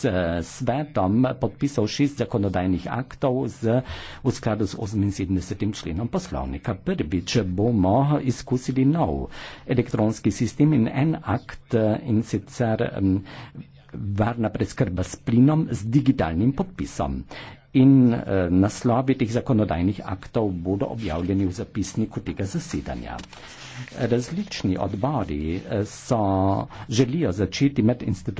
s svetom podpisal šest zakonodajnih aktov z, v skladu z 78. členom poslovnika. Prvič bomo izkusili nov elektronski sistem in en akt eh, in sicer mm, varna preskrba s plinom z digitalnim podpisom. In e, naslovi teh zakonodajnih aktov bodo objavljeni v zapisniku tega zasedanja. Različni odbori eh, so, želijo začeti med institucijami.